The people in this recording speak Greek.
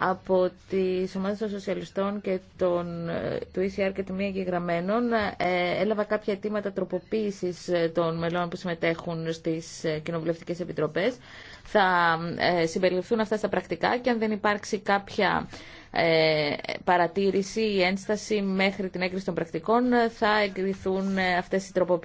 από τις ομάδες των σοσιαλιστών και των, του ECR και του μία εγγεγραμμένων ε, έλαβα κάποια αιτήματα τροποποίησης ε, των μελών που συμμετέχουν στις ε, κοινοβουλευτικέ επιτροπές. Θα ε, συμπεριληφθούν αυτά στα πρακτικά και αν δεν υπάρξει κάποια παρατήρηση ή ένσταση μέχρι την έγκριση των πρακτικών θα εγκριθούν αυτές οι τροποποίησεις.